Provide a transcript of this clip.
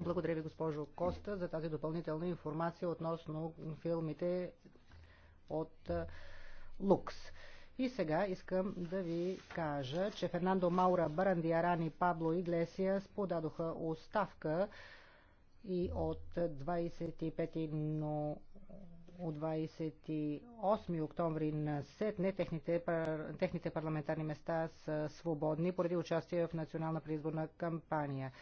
Благодаря ви, госпожо Коста, за тази допълнителна информация относно филмите от Лукс. И сега искам да ви кажа, че Фернандо Маура, Баранди, Арани, Пабло Глесия подадоха оставка и от 25 но от 28 октомври на сетне техните, техните парламентарни места са свободни поради участие в национална предизборна кампания.